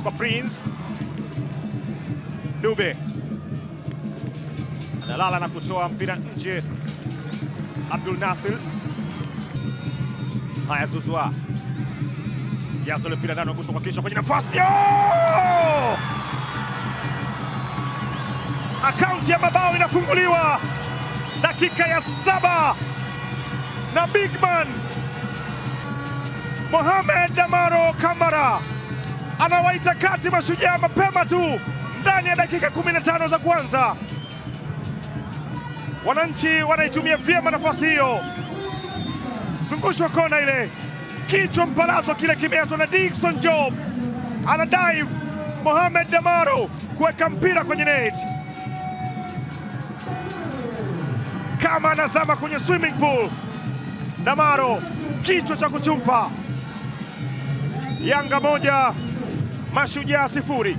Kwa Prince Dube analala na kutoa mpira nje. Abdul Nasir, haya zuzua jaza ile mpira ndani, anagusa kwa kichwa kwenye nafasi, oh! akaunti ya mabao inafunguliwa dakika ya saba na bigman Mohamed Damaro Kamara anawaita kati mashujaa mapema tu ndani ya dakika 15 za kwanza. Wananchi wanaitumia vyema nafasi hiyo, zungushwa kona ile, kichwa mpalazo kile kimeatwa na Dickson Job, ana dive Mohamed damaro kuweka mpira kwenye net kama anazama kwenye swimming pool. damaro kichwa cha kuchumpa. Yanga moja Mashujaa sifuri.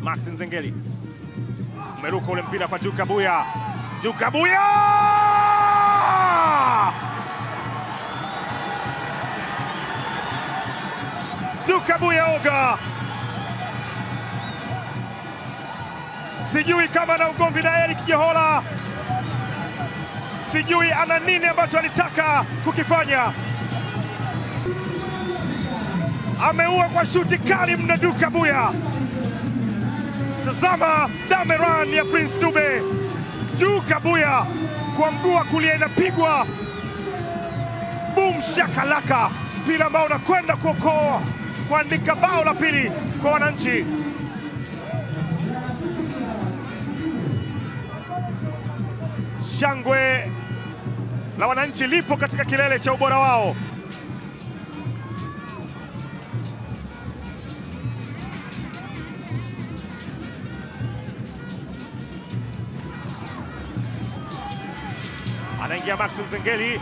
Max Nzengeli umeruka ule mpira kwa juka Buya, juka Buya juka Buya oga, sijui kama na ugomvi na Eric Jehola sijui ana nini ambacho alitaka kukifanya. Ameua kwa shuti kali mna duka buya. Tazama dameran ya Prince Dube juu kabuya kwa mguu wa kulia inapigwa bum shakalaka, mpira ambao unakwenda kuokoa kuandika bao la pili kwa wananchi. Shangwe la wananchi lipo katika kilele cha ubora wao. Anaingia Max Nzengeli,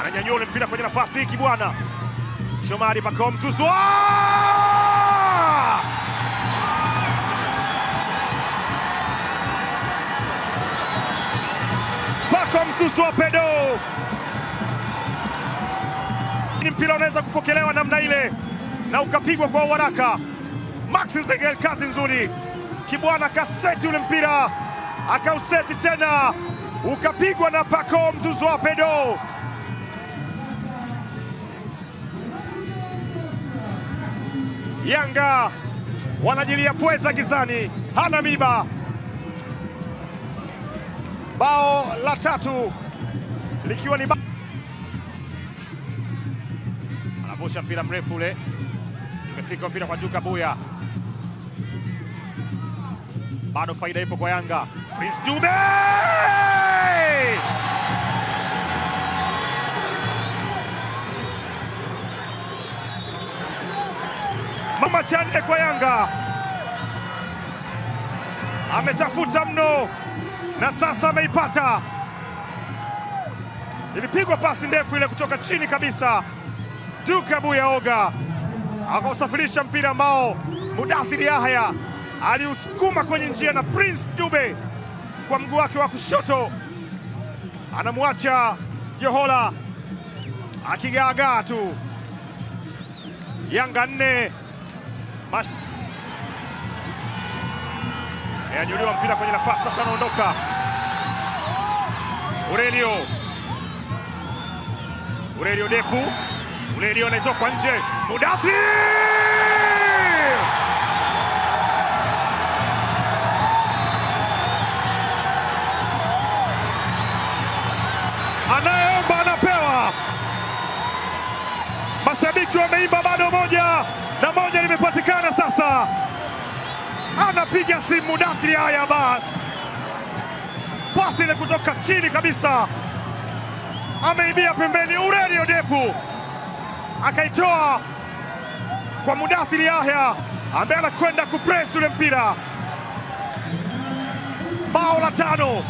ananyanyua ule mpira kwenye nafasi hiki bwana. Shomari Pacome Zuzu Pacome Mpira unaweza kupokelewa namna ile na ukapigwa kwa uharaka. Max Zegel, kazi nzuri Kibwana, kaseti ule mpira akauseti tena, ukapigwa na Paco Mzuzu wa Pedo. Yanga wanajilia pweza gizani, hana miba. Bao la tatu likiwa ni anavusha mpira mrefu ule, imefika mpira kwa Duka Buya, bado faida ipo kwa Yanga. Prince Dube mama chande kwa Yanga ametafuta mno na sasa ameipata ilipigwa pasi ndefu ile kutoka chini kabisa. Duka oga akausafirisha mpira ambao Mudathir Yahya aliusukuma kwenye njia, na Prince Dube kwa mguu wake wa kushoto anamwacha Johola akigaagaa tu. Yanga nne anyuliwa mpira kwenye nafasi sasa, anaondoka Aurelio ule iliodefu ule ilionetokwa nje Mudathi anayeomba anapewa. Mashabiki wameimba bado moja na moja limepatikana sasa, anapiga simu Mudathi. Haya basi, pasi ile kutoka chini kabisa ameibia pembeni Aurelio Depu akaitoa kwa Mudathiri Yahya ambaye anakwenda kupresi ule mpira. Bao la tano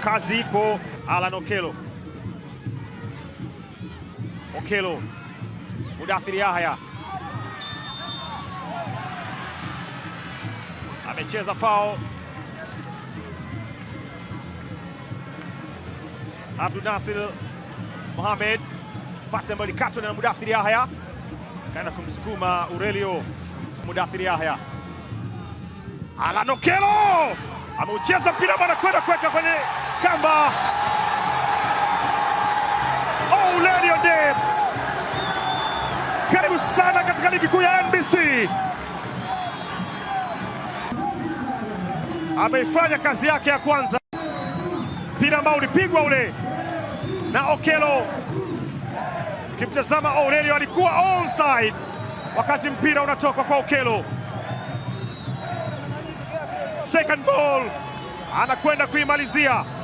kazi ipo Alan Okello. Okelo, Mudathiri Yahya amecheza fao. Abdul Nasir Mohamed, pasi ambayo ilikatwa na Mudathiri Yahya, kaenda kumsukuma Aurelio. Mudathiri Yahya, Alan Okelo ameucheza mpira bwana, kwenda kuweka kwenye kamba. Karibu sana katika ligi kuu ya NBC. Ameifanya kazi yake ya kwanza, mpira ambao ulipigwa ule na Okelo. Ukimtazama Aurelio alikuwa onside wakati mpira unatoka kwa Okelo. Second ball anakwenda kuimalizia